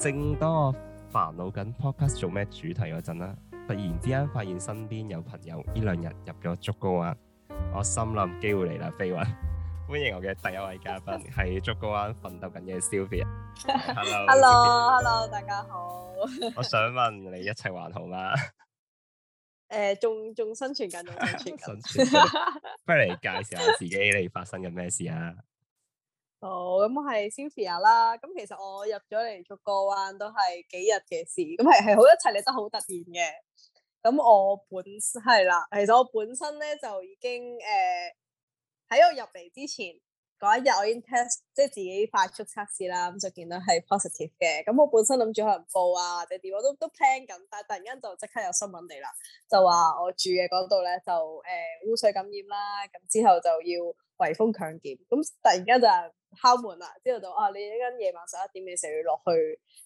正當我煩惱緊 Podcast 做咩主題嗰陣啦，突然之間發現身邊有朋友呢兩日入咗竹篙灣，我心諗機會嚟啦，飛雲！歡迎我嘅第一位嘉賓係竹篙灣奮鬥緊嘅 Cynthia。Hello，Hello，Hello，大家好。 我想問你一切還好嗎？誒、呃，仲仲生存緊，生存緊。 不如你介紹下自己，你發生緊咩事啊？哦，咁、oh, 我係 Cynthia 啦，咁其實我入咗嚟竹篙灣都係幾日嘅事，咁係係好一切嚟得好突然嘅，咁我本身係啦，其實我本身咧就已經誒喺、呃、我入嚟之前嗰一日，我已經即係自己快速測試啦，咁就見到係 positive 嘅，咁我本身諗住可能報啊或者點，我都都 plan 緊，但係突然間就即刻有新聞嚟啦，就話我住嘅嗰度咧就誒、呃、污水感染啦，咁之後就要圍封強檢，咁突然間就。敲門啦，之後就啊，你一間夜晚十一點你就要落去，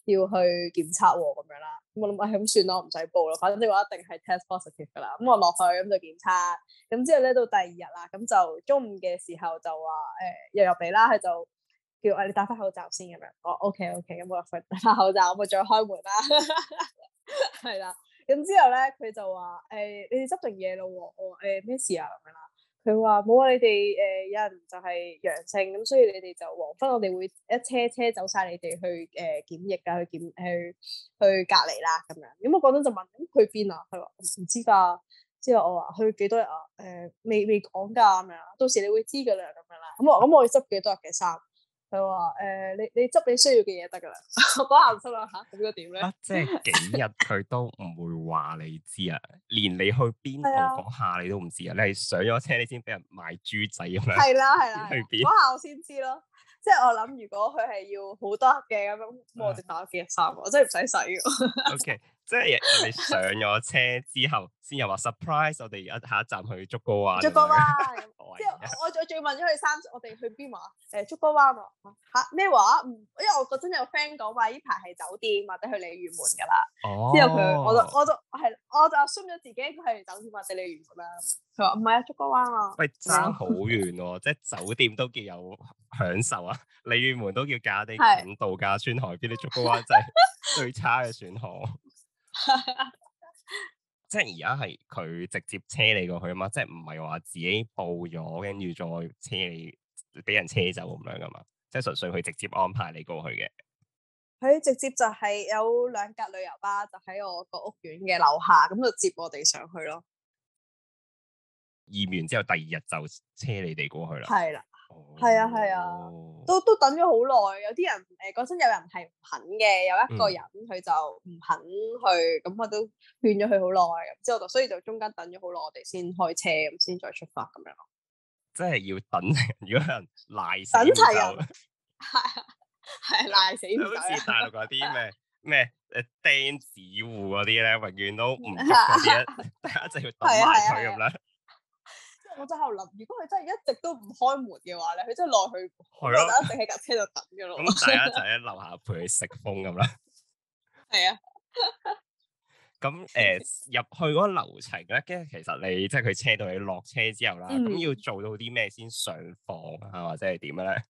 要去檢測咁樣啦。我諗、哎、我係咁算咯，唔使報咯，反正我一定係 test positive 噶啦。咁我落去咁就檢測。咁之後咧到第二日啦，咁就中午嘅時候就話誒、欸、又入嚟啦，佢就叫誒你戴翻口罩先咁樣。我 ok ok，咁我落去戴翻口罩，咁我再開門啦。係 啦，咁之後咧佢就話誒、欸、你執定嘢咯，我誒咩、欸、事啊咁樣啦。佢話冇啊！你哋誒、呃、有人就係陽性咁、嗯，所以你哋就黃昏，我哋會一車車走晒你哋去誒檢、呃、疫啊，去檢去去隔離啦咁樣。咁我嗰陣就問：咁、嗯、去邊啊？佢話唔知㗎、啊。之後我話：去幾多日啊？誒、呃，未未講㗎咁樣。到時你會知㗎啦咁樣啦。咁、嗯嗯嗯、我咁我執幾多日嘅衫？佢話：誒、呃，你你執你需要嘅嘢得噶啦，講下唔出啦嚇，咁又點咧？即係幾日佢都唔會話你知啊， 連你去邊度講下你都唔知 啊！你係上咗車，你先俾人賣豬仔咁樣。係啦係啦，去邊我先知咯。即係我諗，如果佢係要好多嘅咁樣，咁我就打幾日衫，我真係唔使洗嘅。 即係我哋上咗車之後，先又話 surprise 我哋一下一站去竹篙灣。竹篙灣， 之後我我仲要問咗佢三次，我哋去邊話？誒、欸，竹篙灣啊？吓咩話？因為我嗰陣有 friend 講話呢排係酒店或者去鯉魚門噶啦。哦、之後佢，我就我就我係我就 assume 咗自己係酒店或者鯉魚門啦。佢話唔係啊，竹篙灣啊。啊喂，差好遠喎！ 即係酒店都叫有享受啊，鯉魚門都叫假地是近度假村海邊，啲竹篙灣真係最差嘅選項。 即係而家係佢直接車你過去啊嘛，即係唔係話自己報咗，跟住再車你俾人車走咁樣噶嘛，即係純粹佢直接安排你過去嘅。佢直接就係有兩架旅遊巴，就喺我個屋苑嘅樓下，咁就接我哋上去咯。驗 完之後，第二日就車你哋過去啦。係啦。係啊係啊，都都等咗好耐。有啲人誒，嗰、呃、陣有人係唔肯嘅，有一個人佢就唔肯去，咁我都勸咗佢好耐。之後就所以就中間等咗好耐，我哋先開車咁先再出發咁樣。即係要等，如果有人賴死唔走，係係賴死唔走。好似大陸嗰啲咩咩誒釘子戶嗰啲咧，永遠都唔出事，大家就要等佢咁樣。我真喺度諗，如果佢真係一直都唔開門嘅話咧，佢真係落去佢一定喺架車度等嘅咯。咁大家就喺樓下陪佢食風咁啦。係 啊 咁誒入去嗰個流程咧，跟住其實你即係佢車到你落車之後啦，咁、嗯嗯、要做到啲咩先上房啊，或者係點樣咧？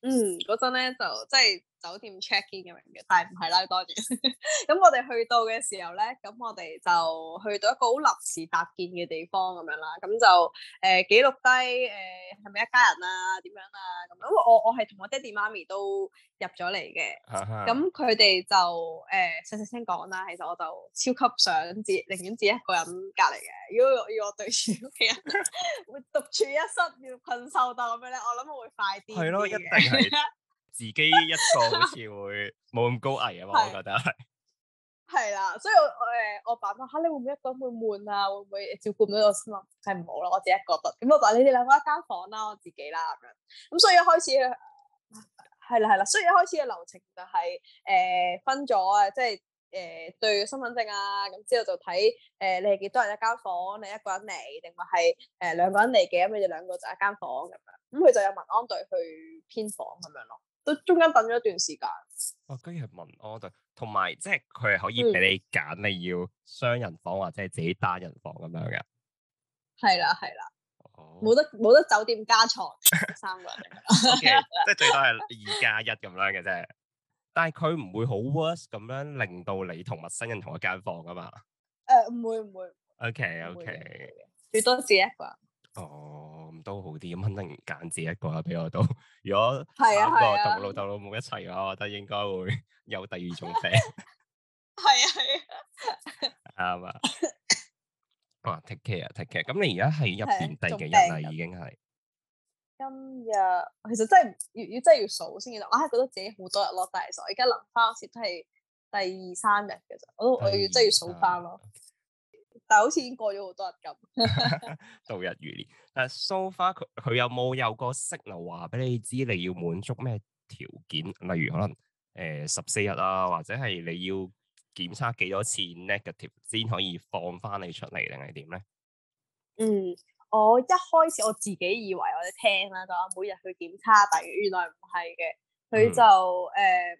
嗯，嗰陣咧就即係。就是酒店 check-in 咁樣嘅，但係唔係啦，多謝。咁我哋去到嘅時候咧，咁我哋就去到一個好臨時搭建嘅地方咁樣啦。咁就誒、呃、記錄低誒係咪一家人啊，點樣啊咁。因為我我係同我爹哋媽咪都入咗嚟嘅。咁佢哋就誒細細聲講啦。其、呃、實、啊、我就超級想自寧願自己一個人隔離嘅。如果如果我對住屋企人， 會獨處一室要困獸鬥咁樣咧，我諗會快啲的。係咯， 一定係。 自己一個好似會冇咁高危啊嘛，我覺得係係啦，所以我我誒，我爸話吓你會唔會一個人會悶啊？會唔會照顧唔到我心咯？係唔好咯，我自己一個得。咁我話你哋兩個一間房啦，我自己啦咁樣。咁所以一開始係啦係啦，所以一開始嘅、啊、流程就係、是、誒、呃、分咗啊，即係誒對、呃、對身份證啊，咁之後就睇誒、呃、你係幾多人一間房，你一個人嚟定話係誒兩個人嚟嘅，咁你哋兩個就一間房咁樣。咁佢就有民安隊去偏房咁樣咯。都中間等咗一段時間。哦，居然問 order，同埋即係佢係可以俾你揀，你要雙人房、嗯、或者係自己單人房咁樣嘅。係啦，係啦。哦，冇得冇得酒店加床， 三個人。Okay, 即係最多係二加一咁樣嘅啫。但係佢唔會好 worse 咁樣，令到你同陌生人同一間房㗎嘛。誒、呃，唔會唔會。O K O K，最多一個？ 哦。Oh. 都好啲，咁肯定揀自己一個啦。俾我都，如果兩個同老豆老母一齊嘅話，啊、我覺得應該會有第二種病。係啊係啊，啱啊。哇、 嗯啊，take care，take care。咁你而家係入年第幾日啦？已經係、啊、今日，其實真係要真要真係要數先。我係覺得自己好多日咯，但係我而家諗翻好似係第二三日嘅咋。我都<第 >2 我真要真係要數翻咯。3, okay. 但好似已經過咗好多日咁，度 日如年。但係 so far 佢佢有冇有，有個 signal 話俾你知，你要滿足咩條件？例如可能誒十四日啊，或者係你要檢測幾多次 negative 先可以放翻你出嚟，定係點咧？嗯，我一開始我自己以為我哋聽啦，就每日去檢測，但係原來唔係嘅。佢就誒、嗯呃、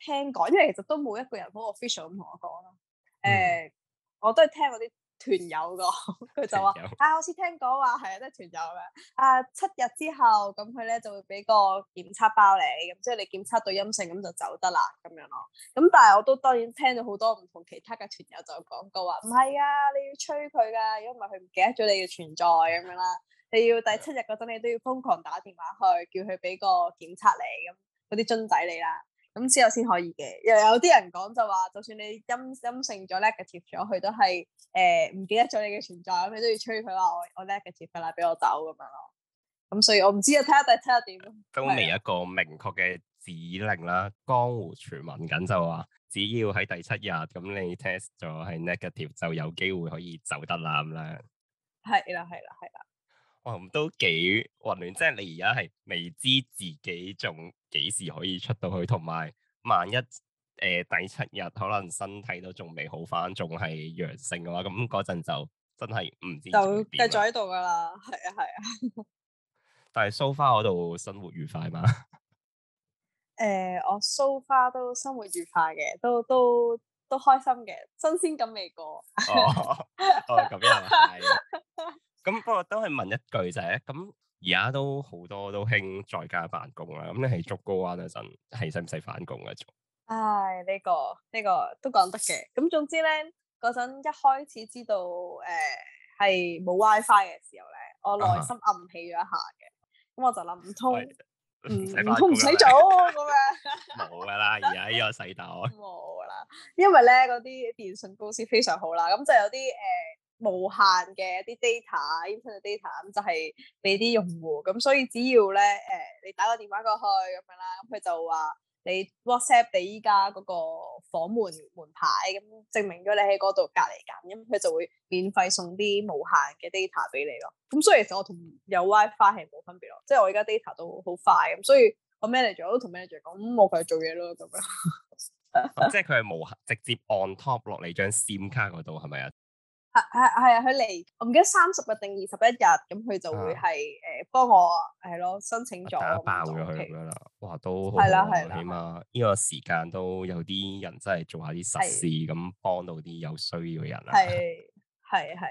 聽講，因為其實都冇一個人好 official 咁同我講咯，誒、呃。嗯我都係聽我啲團友講，佢 就話說友啊，好似聽講話係啊，都係團友咧啊七日之後，咁佢咧就會俾個檢測包你，咁即係你檢測到陰性，咁就走得啦，咁樣咯。咁但係我都當然聽到好多唔同其他嘅團友就講，佢話唔係啊，你要催佢噶，如果唔係佢唔記得咗你嘅存在咁樣啦。你要第七日嗰陣，你都要瘋狂打電話去叫佢俾個檢測你，咁嗰啲樽仔你啦。咁之後先可以嘅，又有啲人講就話，就算你陰陰性咗、negative 咗，佢都係誒唔記得咗你嘅存在，咁佢都要催佢話我我 negative 㗎啦，俾我走咁樣咯。咁所以我唔知啊，睇下第七日點咯。都未一個明確嘅指令啦，江湖傳聞緊就話，只要喺第七日咁你 test 咗係 negative 就有機會可以走得啦咁樣。係啦，係啦，係啦。哇，咁、嗯、都幾混亂，即係你而家係未知自己仲。幾時可以出到去？同埋萬一誒第七日可能身體都仲未好返，仲係陽性嘅話，咁嗰陣就真係唔知。就繼續喺度噶啦，係啊係啊。但係 so far 嗰度生活愉快嘛？誒，我 so far 都生活愉快嘅，都都都開心嘅，新鮮感未過。哦，咁樣啊，係啊。咁不過都係問一句就係，咁。而家都好多都興在家辦公啦，咁你係竹篙嗰陣係使唔使返工嘅做？唉，呢、這個呢、這個都講得嘅。咁總之咧，嗰陣一開始知道誒係、呃、冇 WiFi 嘅時候咧，我內心暗起咗一下嘅，咁、啊、我就諗唔通，唔通唔使做咁樣。冇噶啦，而家呢個世道。冇啦， 因為咧嗰啲電信公司非常好啦，咁就有啲誒。呃無限嘅一啲 data，internet data 咁就係俾啲用戶，咁所以只要咧，誒、欸、你打個電話過去咁樣啦，咁佢就話你 WhatsApp 你依家嗰個房門門牌，咁證明咗你喺嗰度隔離緊，咁佢就會免費送啲無限嘅 data 俾你咯。咁所以其實我同有 wifi 係冇分別咯，即係我依家 data 都好快，咁所以我 manager、就是、都同 manager 講，我佢做嘢咯咁樣， 即係佢係無限直接 on top 落你張 SIM 卡嗰度係咪啊？是啊係啊，佢嚟，我唔記得三十日定二十一日，咁佢就會係誒幫我係咯申請咗爆咗佢咁樣啦。哇、啊，都好，起碼呢個時間都有啲人真係做下啲實事，咁幫的到啲有需要嘅人啊。係係係。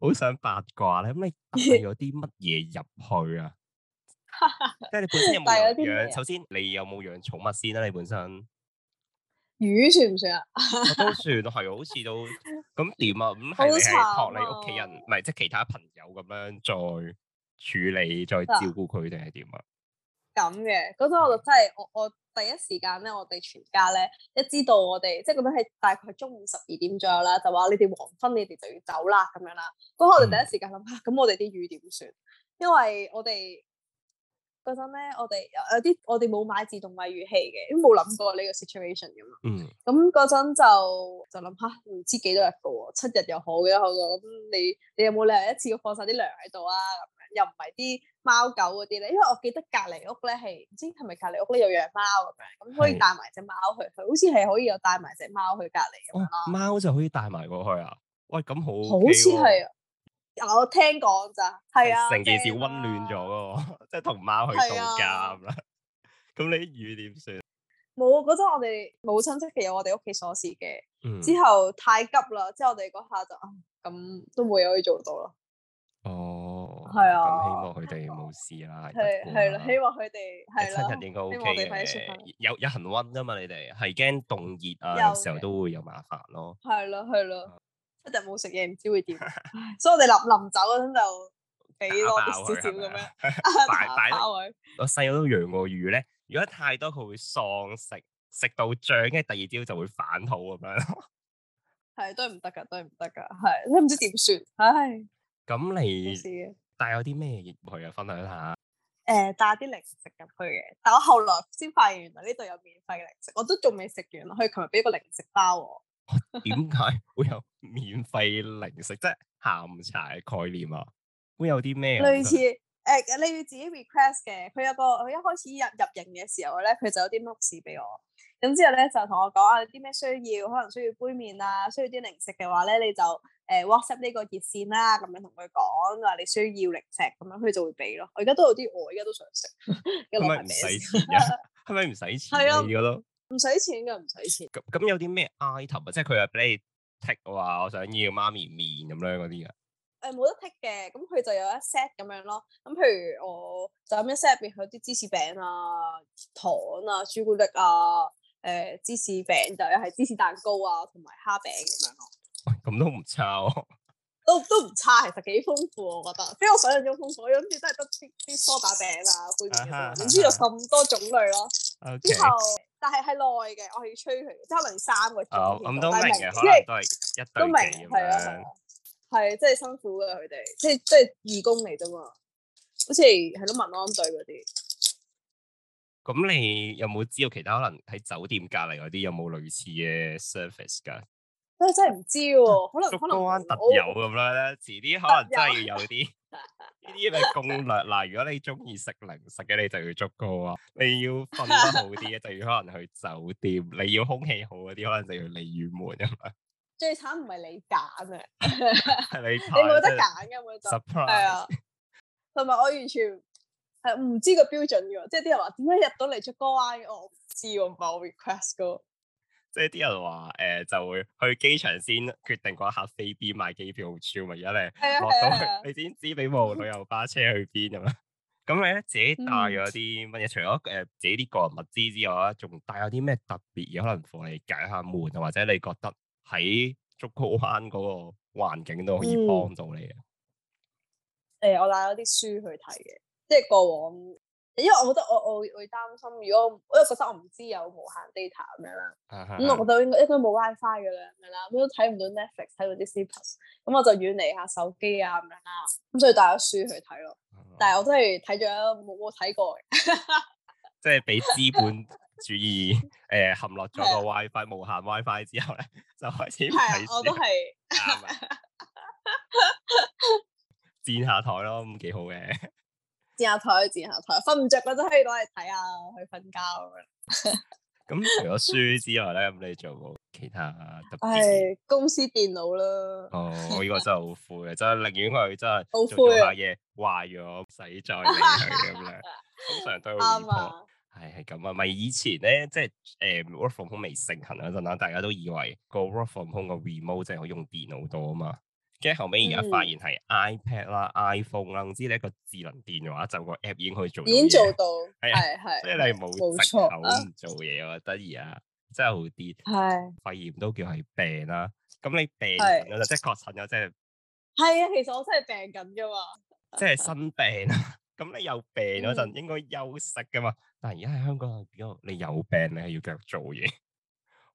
好呵想八卦咧，咁你帶咗啲乜嘢入去啊？ 即係你本身有冇養？ 首先，你有冇養寵物先啊？你本身？魚算唔算 啊？都算係，好似都咁點啊？咁係託你屋企人，唔係即係其他朋友咁樣再處理，再照顧佢哋係點啊？咁嘅嗰陣我就真係我我第一時間咧，我哋全家咧一知道我哋即係嗰陣係大概中午十二點左右啦，就話你哋黃昏你哋就要走啦咁樣啦。嗰刻我哋第一時間諗下，咁，嗯，我哋啲魚點算？因為我哋。嗰陣咧，我哋有有啲我哋冇買自動餵魚器嘅，都冇諗過呢個 situation 咁嗯。咁嗰陣就就諗下，啊、唔知幾多日㗎喎？七日又好嘅，好過咁。你你有冇理由一次要放晒啲糧喺度啊？又唔係啲貓狗嗰啲咧，因為我記得隔籬屋咧係唔知係咪隔籬屋咧有養貓咁樣，咁可以帶埋隻貓去。佢好似係可以有帶埋隻貓去隔離咁貓就可以帶埋過去啊？喂、哦，咁好、哦。好似係啊。我聽講咋，係啊，成件事温暖咗咯，即係同貓去度假咁啦。咁你啲魚點算？冇，嗰陣我哋冇親戚嘅，有我哋屋企鎖匙嘅。之後太急啦，之後我哋嗰下就啊，咁都冇嘢可以做到咯。哦，係啊。咁希望佢哋冇事啦。係係啦，希望佢哋係啦。七日應該 OK 嘅，有有恆溫噶嘛？你哋係驚凍熱啊？有時候都會有麻煩咯。係咯，係咯。一直冇食嘢，唔知會點， 所以我哋臨臨走嗰陣就俾多少少咁樣，打包佢。我細個都養過魚咧，如果太多佢會喪食，食到脹，嘅第二朝就會反肚咁樣。係都係唔得噶，都係唔得噶，係你唔知點算，唉。咁你帶有啲咩嘢去啊？分享下。誒、呃，帶啲零食入去嘅，但我後來先發現原來呢度有免費嘅零食，我都仲未食完，佢琴日俾個零食包我。點解 會有免費零食，即係下午茶嘅概念啊？會有啲咩啊？類似誒、呃，你要自己 request 嘅。佢有個佢一開始入入營嘅時候咧，佢就有啲 o o 屋士俾我。咁之後咧就同我講啊，啲、啊、咩需要，可能需要杯麵啊，需要啲零食嘅話咧，你就誒、呃、WhatsApp 呢個熱線啦、啊，咁樣同佢講，話你需要零食，咁樣佢就會俾咯。我而家都有啲餓，我而家都想食。係咪唔使錢、啊？係咪唔使錢嘅、啊、咯？ 唔使錢嘅，唔使錢。咁有啲咩 item 啊？即係佢係俾、就是、你剔㗎話，我想要媽咪麵咁樣嗰啲啊。誒冇、欸、得剔嘅，咁佢就有一 set 咁樣咯。咁譬如我就咁一 set 入邊有啲芝士餅啊、糖啊、朱古力啊、誒、呃、芝士餅，就係芝士蛋糕啊，同埋蝦餅咁樣咯。咁、啊、都唔差喎、啊。都都唔差，其實幾豐富我覺得。比我想象中豐富，我諗住都係得啲啲梳打餅啊、杯麵嘅，點知又咁多種類咯。之後。但係係內嘅，我係要催佢，即係可能三個鐘。好、哦，咁都明嘅，明可能都係一對嘅咁樣。係、啊，即係辛苦噶佢哋，即係即係義工嚟啫嘛。好似係咯，民安隊嗰啲。咁你有冇知道其他可能喺酒店隔籬嗰啲有冇類似嘅 service 噶？真係唔知喎、啊，可能可能 特有咁樣咧，遲啲可能真係特有啲。 呢啲你攻略嗱，如果你中意食零食嘅，你就要竹篙啊！你要瞓得好啲嘅， 就要可能去酒店。你要空氣好啲，可能就要離遠門啊嘛。最慘唔係你揀啊，你你冇得揀嘅，冇得 surprise。係啊，同埋我完全係唔知個標準噶，即係啲人話點解入到嚟竹篙，我唔知、啊，我冇 request 即係啲人話誒、呃，就會去機場先決定嗰一刻飛邊，買機票好重要，而家咧落到去、啊啊、你先知俾部旅遊巴車去邊咁樣？咁 你咧自己帶咗啲乜嘢？嗯、除咗誒、呃、自己啲個人物資之外，仲帶咗啲咩特別嘢？可能同你解下悶啊，或者你覺得喺竹篙灣嗰個環境都可以幫到你嘅？誒、嗯欸，我帶咗啲書去睇嘅，即、就、係、是、過往。因為我覺得我我會擔心，如果我因為覺得我唔知有無限 data 咁樣啦，咁、啊、我就應該、啊、應該冇 wifi 噶啦咁樣啦，咁吧都睇唔到 Netflix，睇到啲 series，咁我就遠離下手機啊咁樣，咁所以帶咗書去睇咯。但係我真係睇咗冇冇睇過嘅， 即係俾資本主義誒、 呃、陷落咗個 wifi 無限 wifi 之後咧， 就開始睇、啊、我都係占 下台咯，咁幾好嘅。剪下台，剪下台，瞓唔着嗰陣可以攞嚟睇下，去瞓覺。咁除咗書之外咧，咁你仲有冇其他特別？係公司電腦啦。哦，我呢個真係好灰啊，真係寧願佢真係好灰乜嘢壞咗，唔使再嚟咁樣，通常都會耳碰。係係咁啊，咪以前咧，即係誒，work from home 未盛行嗰陣啦，大家都以為個 work from home 個 remote 淨係用電腦多啊嘛。跟住後尾，而家發現係 iPad 啦、嗯、iPhone 啦，唔知你一個智能電話就個 app 已經可以做到，已經做到，係係的，即係你冇執手做嘢，得意啊！真係好啲。係肺的炎都叫係病啦，啊。咁你病嗰的就即係確診咗，即係係啊。其實我真係病緊噶 嘛，即係生病啊。咁你有病嗰陣應該休息噶嘛，但係而家喺香港，如果你有病，你係要繼續做嘢。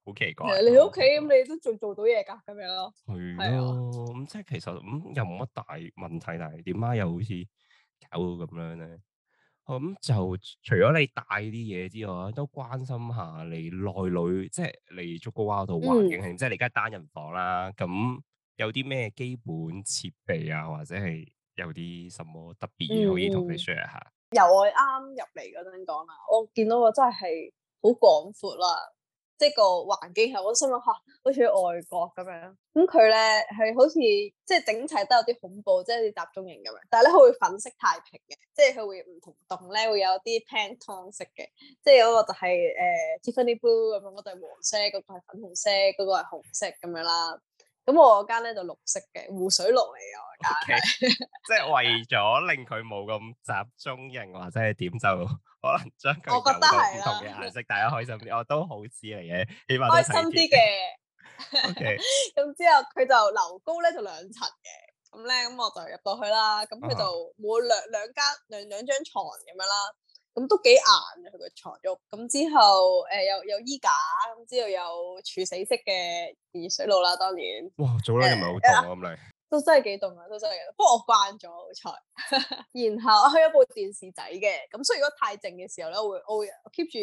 好奇怪、啊你！你喺屋企咁，你都仲做到嘢噶咁樣咯，係啊，咁、啊嗯、即係其實咁、嗯、又冇乜大問題，但係點解又好似搞到咁樣咧？咁、嗯嗯、就除咗你帶啲嘢之外，都關心下你內裏，即係你竹篙灣嗰度環境係，嗯、即係你而家單人房啦。咁有啲咩基本設備啊，或者係有啲什麼特別嘢可以同你 share 下、嗯？由我啱入嚟嗰陣講啊，我見到我真係好廣闊啦。即係個環境係，好心諗嚇，好似去外國咁樣。咁佢咧係好似即係整齊都有啲恐怖，即係集中營咁樣。但係咧，佢會粉色太平嘅，即係佢會唔同洞咧會有啲 Pantone 色嘅，即係嗰個就係、是、誒、呃、 Tiffany blue 咁樣，嗰對黃色，嗰、那個係粉紅色，嗰、那個係紅色咁、那個那個、樣啦。咁我間咧就綠色嘅湖水綠嚟嘅家即係為咗令佢冇咁集中營， 或者係點就可能將佢。我覺得係啦、啊。唔同嘅顏色，大家開心啲。我、 哦、都好似嘅嘢，希望開心啲嘅。O K，咁之後佢就樓高咧就兩層嘅，咁咧咁我就入到去啦。咁佢就冇兩、uh huh. 兩間兩兩張床咁樣啦。咁都幾硬啊佢個床褥，咁之後誒有有衣架，咁之後有儲死式嘅熱水爐啦，當然，哇，早呢嘢唔係好凍啊咁你都真係幾凍啊，都真係。不過我慣咗好彩。 然後我開咗部電視仔嘅，咁所以如果太靜嘅時候咧，我會,我,會我 keep 住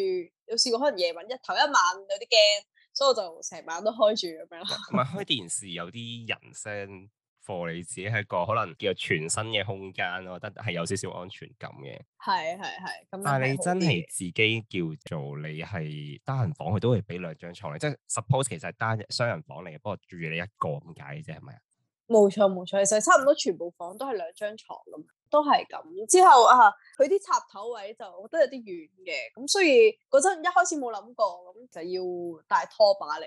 有試過可能夜晚一頭一晚有啲驚，所以我就成晚都開住咁樣啦、啊。同埋 開電視有啲人聲。 你自己係一個可能叫全新嘅空間，我覺得係有少少安全感嘅。係係係咁。但係你真係自己叫做你係單人房，佢都會俾兩張床，即係 suppose 其實係單雙人房嚟嘅，不過住你一個咁解嘅啫，係咪啊？冇錯冇錯，其實差唔多全部房都係兩張床咁，都係咁。之後啊，佢啲插頭位就我覺得有啲遠嘅，咁所以嗰陣一開始冇諗過，咁就要帶拖把嚟。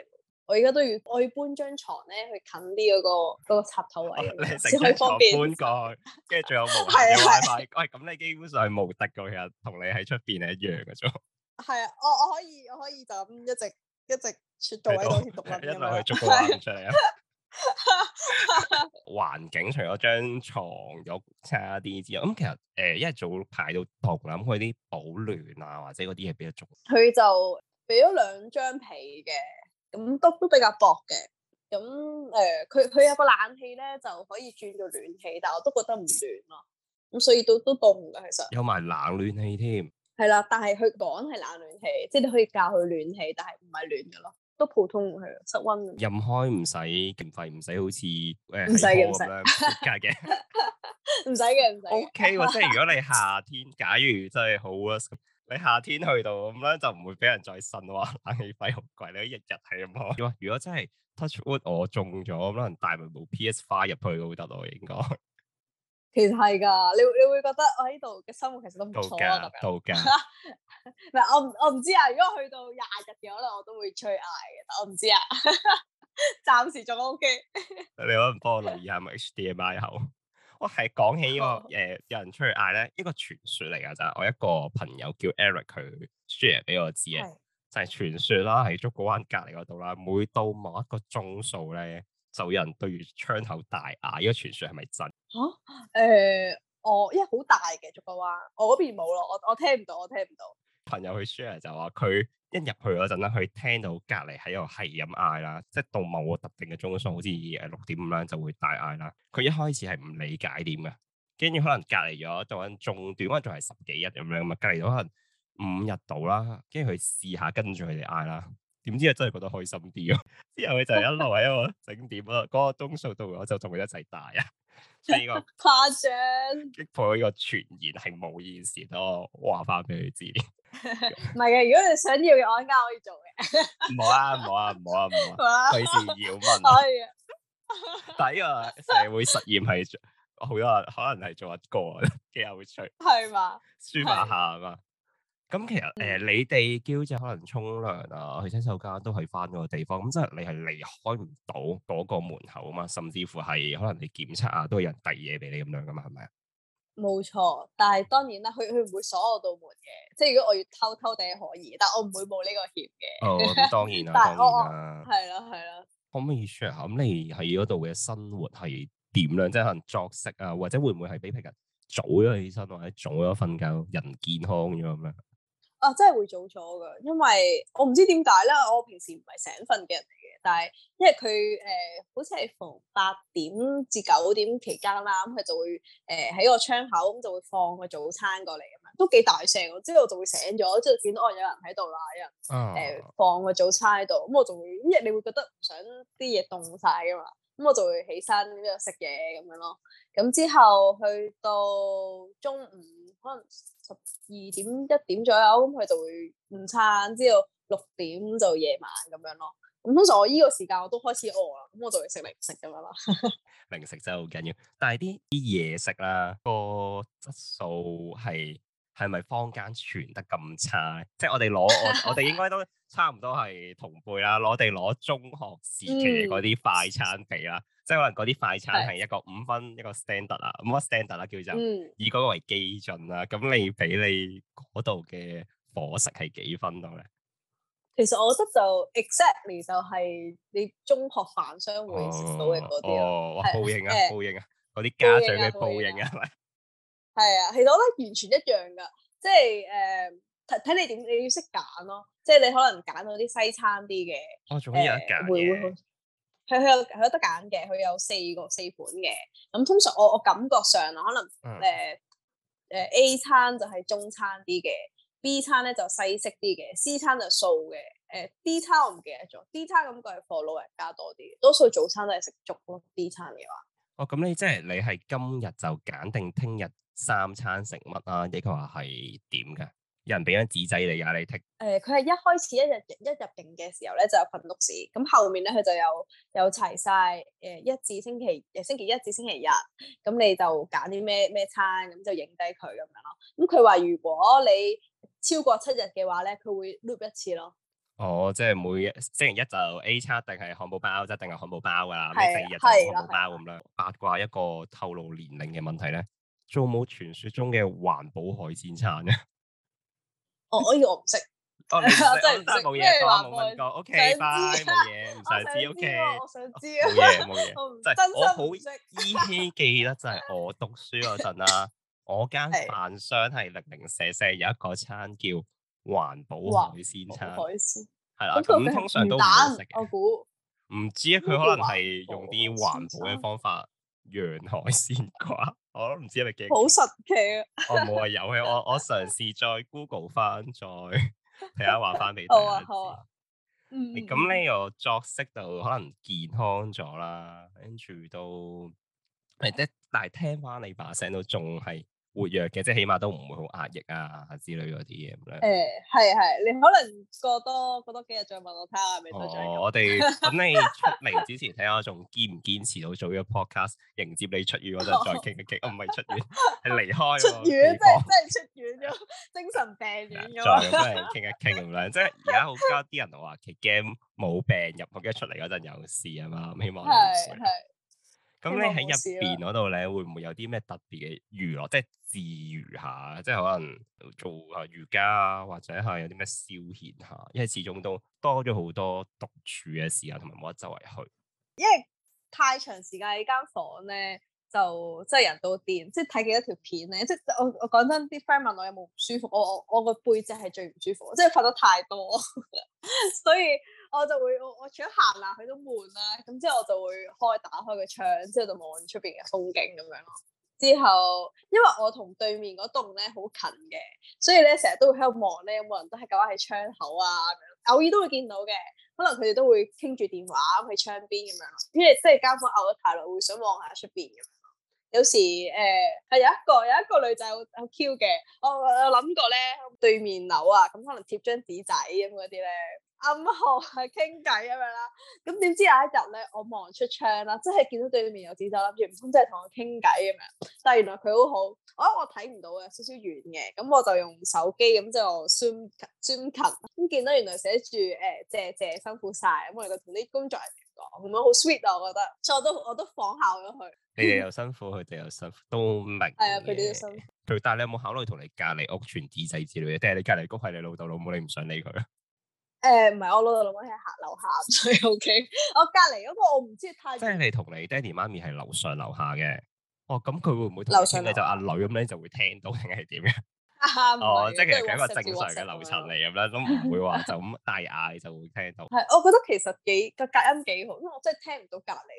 我而家都要，我要搬張床咧去近啲嗰個個插頭位，先可以方便搬過去。跟住仲有冇？係啊，喂，咁你基本上係無敵噶，其實同你喺出邊係一樣噶啫。係啊，我我可以我可以就咁一直一直出到喺度，一路去逐個話出嚟啊！環境除咗張床褥差啲之外，咁其實誒，一早排到凍啦。佢啲保暖啊，或者嗰啲嘢比較重。佢就俾咗兩張被嘅。咁都都比較薄嘅，咁、嗯、誒，佢佢有個冷氣咧就可以轉做暖氣，但係我都覺得唔暖咯，咁所以都都凍嘅其實。有埋冷暖氣添。係啦，但係佢講係冷暖氣，即係你可以教佢暖氣，但係唔係暖嘅咯，都普通嘅。佢室溫任開唔使電費，唔使好似誒。唔使嘅。唔使嘅，唔使嘅，唔使。O Okay , K， 即係如果你夏天，假如真係好 你夏天去到咁咧，就唔會俾人再呻喎，冷氣費好貴，你一日係咁。哇！如果真係 Touch Wood，我中咗，可能帶埋部 PS5 入去都會得咯，應該。其實係噶，你你會覺得我喺度嘅生活其實都唔錯啊，特別。唔係，我我唔知啊。如果去到廿日嘅，可能我都會吹嗌嘅，我唔知啊。暫時仲 OK。你可唔可以幫我留意下咪 HDMI 口？我係講起呢個誒、呃，有人出去嗌咧，一個傳說嚟噶咋？我一個朋友叫 Eric，佢 share 俾我知嘅，的就係傳說啦，喺竹篙灣隔籬嗰度啦。每到某一個鐘數咧，就有人對住窗口大嗌。呢、這個傳說係咪真？吓、哦，誒、呃，我因為好大嘅竹篙灣，我嗰邊冇咯，我我聽唔到，我聽唔到。朋友去 share 就話佢一入去嗰陣咧，佢聽到隔離喺度係咁嗌啦，即係到某個特定嘅鐘數，好似誒六點咁樣就會大嗌啦。佢一開始係唔理解點嘅，跟住可能隔離咗做緊中段，可能仲係十幾日咁樣啊，隔離咗可能五日度啦，跟住佢試下跟住佢哋嗌啦，點知啊真係覺得開心啲囉！之後佢就一路喺度整點啊，嗰 個鐘數到咗就同佢一齊大啊！呢、這個誇張，擊掌破呢個傳言係冇意思咯，話翻俾佢知。唔係嘅，如果你想要嘅，我而家可以做嘅。唔 好啊，唔好啊，唔好啊，唔好啊。費事擾民。係。抵啊！ 第一個社會實驗係好多可能係做一個嘅，好趣。係嘛嗎？舒麻下啊嘛。的 咁、嗯、其實誒、呃，你哋叫就可能沖涼啊，去洗手間都係翻嗰個地方，咁、嗯、即係你係離開唔到嗰個門口啊嘛，甚至乎係可能你檢測啊，都有人遞嘢俾你咁樣噶嘛，係咪啊？冇錯，但係當然啦，佢佢唔會鎖我到門嘅，即係如果我要偷偷哋可以，但我唔會冒呢個險嘅。哦、嗯，當然啦， 我當然啦，係咯係咯。可唔可以 share 下咁你喺嗰度嘅生活係點樣？即、就、係、是、可能作息啊，或者會唔會係比平日早咗起身或者早咗瞓覺，人健康咁樣？啊，真係會早咗噶，因為我唔知點解啦，我平時唔係醒瞓嘅人嚟嘅，但係因為佢誒、呃，好似係逢八點至九點期間啦，咁、嗯、佢就會誒喺個窗口咁、嗯、就會放個早餐過嚟咁樣，都幾大聲。我知道我就會醒咗，之後見到我有人喺度啦，有人誒、啊呃、放個早餐喺度，咁、嗯、我仲會，因為你會覺得唔想啲嘢凍晒噶嘛。咁我就會起身咁樣食嘢咁樣咯，咁之後去到中午可能十二點一點左右，咁佢就會午餐，之後六點就夜晚咁樣咯。咁通常我依個時間我都開始餓啦，咁我就會食零食咁樣咯。 零食真係好緊要，但係啲啲嘢食啦、啊個質素係。係咪坊間傳得咁差？即係我哋攞 我哋應該都差唔多係同輩啦。我哋攞中學時期嗰啲快餐比啦，嗯、即係可能嗰啲快餐係一個五分的一個 standard 啊，咁個 standard 啦，叫做、嗯、以嗰個為基準啦。咁你比你嗰度嘅伙食係幾分度咧？其實我覺得就 exactly 就係你中學飯商會食到嘅嗰啲啊，報應啊的報應啊，嗰啲家長嘅報應啊，係咪、啊？ 係啊，其實我覺得完全一樣噶，即係誒，睇、呃、睇你點，你要識揀咯，即係你可能揀到啲西餐啲嘅，哦，仲可以揀嘅，佢佢佢有得揀嘅，佢有，有，有四個四款嘅，咁通常我我感覺上可能誒誒、呃嗯呃、A 餐就係中餐啲嘅，B 餐咧就西式啲嘅，C 餐就素嘅，誒、呃 D, 呃、D 餐我唔記得咗，D 餐感覺係放老人家多啲，多數早餐都係食粥咯，D 餐嘅話，哦 wird，咁你即係你係今日就揀定聽日。三餐食物啊？亦佢話係點嘅？有人俾張紙仔嚟嗌你剔、啊。誒，佢係、嗯、一開始一日一入營嘅時候咧，就有份錄視。咁、嗯、後面咧，佢就有有齊晒。誒，一至星期誒，星期一至星期日，咁、嗯、你就揀啲咩咩餐，咁、嗯、就影低佢咁樣咯。咁佢話如果你超過七日嘅話咧，佢會 loop 一次咯。哦，即係每星期一就 A 餐，定係漢堡包，即係定係漢堡包噶啦。第二日漢堡包咁樣的、嗯，八卦一個透露年齡嘅問題咧。做冇傳説中嘅環保海鮮餐啊！我以，呀，我唔識，我唔識，真係冇嘢講，冇問過。O K，拜。冇嘢，唔想知。O K，我想知啊，冇嘢，冇嘢。我真係我好識。依稀記得就係我讀書嗰陣啦，我間飯商係零零舍舍有一個餐叫環保海鮮餐，海鮮係啦，咁通常都唔食嘅。我估唔知啊，佢可能係用啲環保嘅方法養海鮮啩。我都唔知係咪幾，好神奇啊，哦！我冇話有嘅，我我嘗試再 Google 翻，再睇下話翻俾你。看看好啊，好，咁呢個作息就可能健康咗啦，跟住都係的，但係聽翻你把聲都仲係。活躍嘅，即係起碼都唔會好壓抑啊之類嗰啲嘢。咁樣。誒，係係，你可能過多過多幾日再問我睇下係咪。我哋等你出嚟之前，睇下仲堅唔堅持到做呢個 podcast，迎接你出院，嗰陣再傾一傾。唔係出院，係離開。出院即係出院咗，精神病院再咁傾一傾咁樣，即係而家好多啲人話，驚冇病入，吓驚出嚟嗰陣有事啊嘛，希望係係。咁你喺入邊嗰度咧，會唔會有啲咩特別嘅娛樂，即係自娛下，即係可能做下瑜伽，或者係有啲咩消遣下？因為始終都多咗好多獨處嘅時間，同埋冇得周圍去。因為太長時間喺間房咧，就即係人到癲，即係睇幾多條片咧。即係我我講真，啲 friend 問我有冇唔舒服，我我我個背脊係最唔舒服，即係瞓得太多， 所以。我就會我我除咗行啦，佢都悶啦，咁之後我就會開打開個窗，之後就望出邊嘅風景咁樣咯。之後因為我同對面嗰棟咧好近嘅，所以咧成日都會喺度望咧有冇人都係夠喺窗口啊，偶爾都會見到嘅，可能佢哋都會傾住電話咁喺窗邊咁樣，因為即係間房漚咗太耐，會想望下出邊咁。有時誒，係、呃、有一個有一個女仔好 Q 嘅，我我諗過咧對面樓啊，咁可能貼張紙仔咁嗰啲咧暗號係傾偈咁樣啦。咁點、啊、知有一日咧，我望出窗啦，真係見到對面有紙仔諗住唔通真係同我傾偈咁樣？但係原來佢好好，啊、我我睇唔到嘅，少少遠嘅，咁、嗯、我就用手機咁就 zoom zoom 近咁見到原來寫住誒謝謝辛苦晒咁、嗯，我嚟到同啲工作人咁樣好 sweet 啊！我覺得，所以我都我都仿效咗佢。你哋又辛苦，佢哋又辛苦，都唔明。係啊，佢哋都辛苦。佢但係你有冇考慮同你隔籬屋傳紙仔之類嘅？定係你隔籬屋係你老豆老母，你唔想理佢？誒，唔係，我老豆老母喺下樓下，所以 OK。我隔籬嗰個我唔知太。即係你同你爹哋媽咪係樓上樓下嘅。哦，咁佢會唔會樓上你就阿女咁咧，就會聽到定係點樣？啊、哦，即係其實係一個正常嘅流程嚟咁啦，都唔會話 就咁大嗌就會聽到。係，我覺得其實幾個隔音幾好，因為我真係聽唔到隔離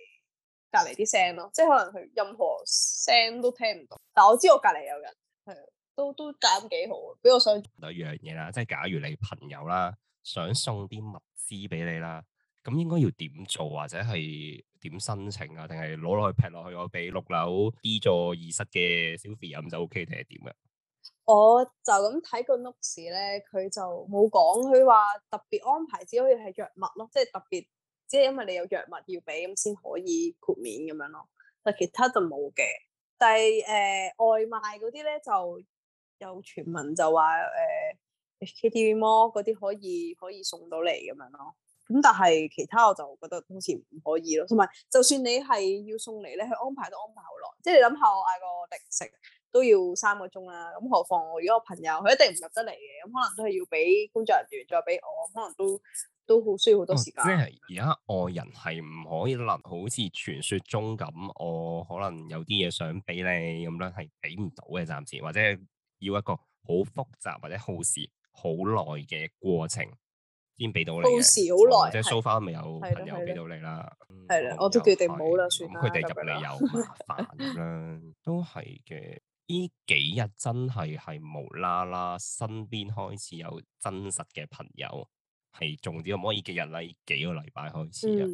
隔離啲聲咯，即係可能佢任何聲都聽唔到。但係我知道我隔離有人係，都都隔音幾好。俾我想一樣嘢啦，即係假如你朋友啦想送啲物資俾你啦，咁應該要點做或者係點申請啊？定係攞落去劈落去我哋六樓 D 座二室嘅小肥咁就 OK 定係點嘅？我就咁睇個 notes 咧，佢就冇講，佢話特別安排只可以係藥物咯，即係特別，即係因為你有藥物要俾咁先可以豁免咁樣咯。但其他就冇嘅。但係誒、呃、外賣嗰啲咧就有傳聞就話 HKTV Mall 嗰啲可以可以送到嚟咁樣咯。咁但係其他我就覺得好似唔可以咯，同埋就算你係要送嚟咧，佢安排都安排好耐。即係你諗下，我嗌個零食都要三個鐘啦。咁何況我如果我朋友，佢一定唔入得嚟嘅，咁可能都係要俾工作人員再俾我，可能都都好需要好多時間。哦，即係而家外人係唔可以能好似傳說中咁，我可能有啲嘢想俾你咁樣，係俾唔到嘅暫時，或者要一個好複雜或者耗時好耐嘅過程。先俾到你嘅，即係 show 翻咪有朋友俾到你啦。係啦，我都決定冇啦，算啦。咁佢哋入嚟有麻煩啦，都係嘅。呢幾日真係係無啦啦，身邊開始有真實嘅朋友，係重點可唔可以？幾日啦，幾個禮拜開始啦，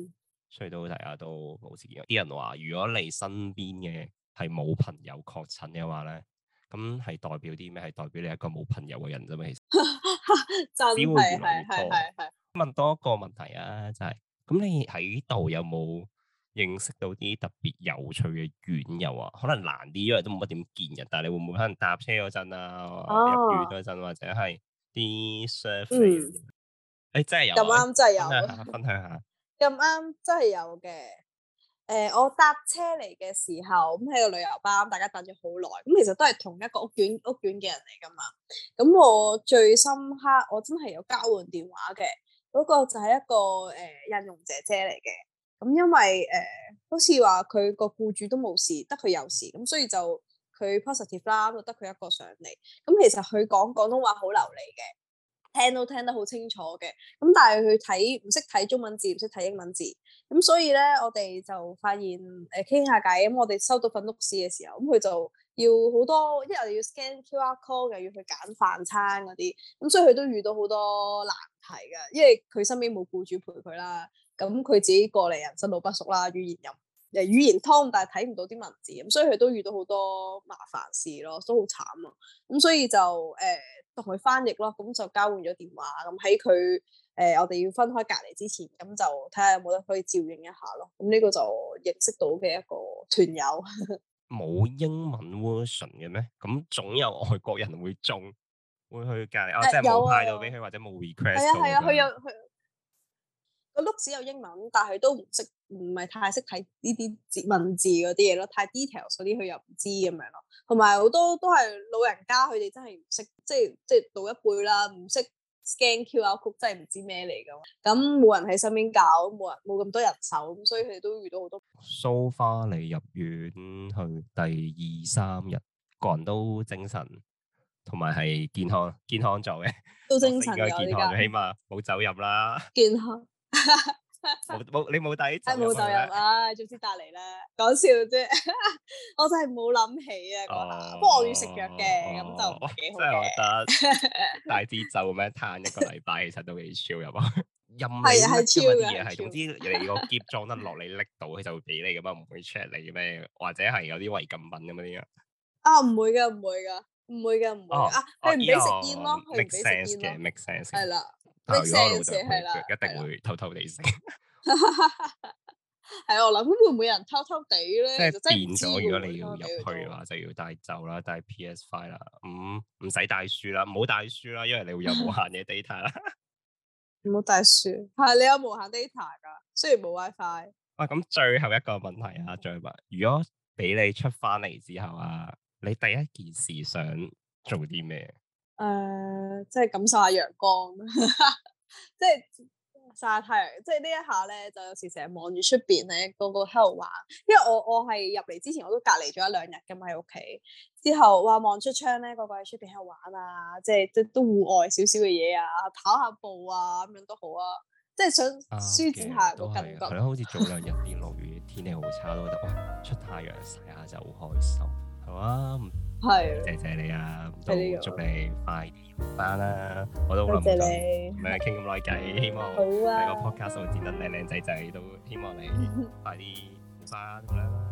所以都大家都冇事。有啲人話，如果你身邊嘅係冇朋友確診嘅話咧。咁係代表啲咩？係代表你一個冇朋友嘅人啫嘛，其實 真係係係係。問多一個問題啊，就係、是、咁你喺度有冇認識到啲特別有趣嘅院友啊？可能難啲，因為都冇乜點見人，但係你會唔會可能搭車嗰陣、哦嗯欸、啊，入院嗰陣或者係啲 surface？誒，真係有，咁啱真係有，分享下。咁啱真係有嘅。誒、呃，我搭車嚟嘅時候咁喺、嗯，個旅遊巴，大家等咗好耐，咁、嗯、其實都係同一個屋苑屋苑嘅人嚟噶嘛。咁、嗯、我最深刻，我真係有交換電話嘅嗰、那個就係一個誒、呃、印傭姐姐嚟嘅。咁、嗯、因為誒、呃、好似話佢個僱主都冇事，得佢有，有事，咁、嗯、所以就佢 positive 啦，就得佢一個上嚟。咁、嗯、其實佢講廣東話好流利嘅，聽都聽得好清楚嘅。咁、嗯、但係佢睇唔識睇中文字，唔識睇英文字。咁所以咧，我哋就發現誒，傾下偈。咁、嗯、我哋收到份錄事嘅時候，咁、嗯、佢就要好多，因為我哋要 scan QR code，又要佢揀飯餐嗰啲。咁、嗯、所以佢都遇到好多難題噶，因為佢身邊冇僱主陪佢啦。咁、嗯、佢自己過嚟，人生路不熟啦，語言又誒語言通，但係睇唔到啲文字。咁、嗯、所以佢都遇到好多麻煩事咯，都好慘啊。咁、嗯、所以就誒，同、呃、佢翻譯咯。咁、嗯、就交換咗電話，咁喺佢。誒、呃，我哋要分開隔離之前，咁就睇下有冇得可以照應一下咯。咁呢個就認識到嘅一個團友。冇英文 version 嘅咩？咁總有外國人會中，會去隔離。哦、啊啊，即係冇派到俾佢，啊、或者冇 request 到。係啊係啊，佢、啊啊啊、有佢個碌子有英文，但係都唔識，唔係太識睇呢啲文字嗰啲嘢咯，太 details 嗰啲佢又唔知咁樣咯。同埋好多都係老人家，佢哋真係唔識，即係即係老一輩啦，唔識。Scan QR Code 真係唔知咩嚟噶，咁冇人喺身邊搞，冇人冇咁多人手，咁所以佢哋都遇到好多。So far，你入院去第二三日，個人都精神，同埋係健康健康咗嘅，都精神嘅健康，起碼冇走入啦。健康。冇你冇帶？係冇酒入啊！總之帶嚟啦，講笑啫。我真係冇諗起啊，不過我要食藥嘅，咁就即係我覺得帶啲酒咁樣攤一個禮拜，其實都幾 chill 啊。陰面陰嗰啲嘢係，總之你個篋裝得落，你拎到佢就會俾你噶嘛，唔會 check 你咩？或者係有啲違禁品咁啊啲啊？啊，唔會嘅，唔會嘅，唔會嘅，唔會啊！唔俾食煙咯，make sense 嘅，make sense，係啦。你成老係啦，一定會偷偷地食。係啊， 我諗會唔會有人偷偷地咧？即變咗，如果你要入去嘅話，就要帶走啦，帶 P S Five 啦。唔唔使帶書啦，唔好帶書啦，因為你會有無限嘅 data 啦。唔好帶書，係你有無限 data 噶，雖然冇 WiFi。哇！咁、啊、最後一個問題啊，jam， 如果俾你出翻嚟之後啊，你第一件事想做啲咩？誒、uh, 即係感受下陽光，即係晒下太陽。即係呢一下咧，就有時成日望住出邊咧，個個喺度玩。因為我我係入嚟之前，我都隔離咗一兩日噶嘛喺屋企。之後哇，望出窗咧，個個喺出邊喺度玩啊，即係都都戶外少少嘅嘢啊，跑下步啊，咁樣都好啊。即係想舒展下個筋骨。係咯， 好似早兩日變落雨， 天氣好差，都覺得哇，出太陽晒下就好開心，係嘛。係，謝謝你啊！都的祝你快啲好翻啦！謝謝，我都好諗唔到，同你傾咁耐偈，希望喺、啊、個 podcast 會見得靚靚仔仔，都希望你快啲好翻咁樣啦。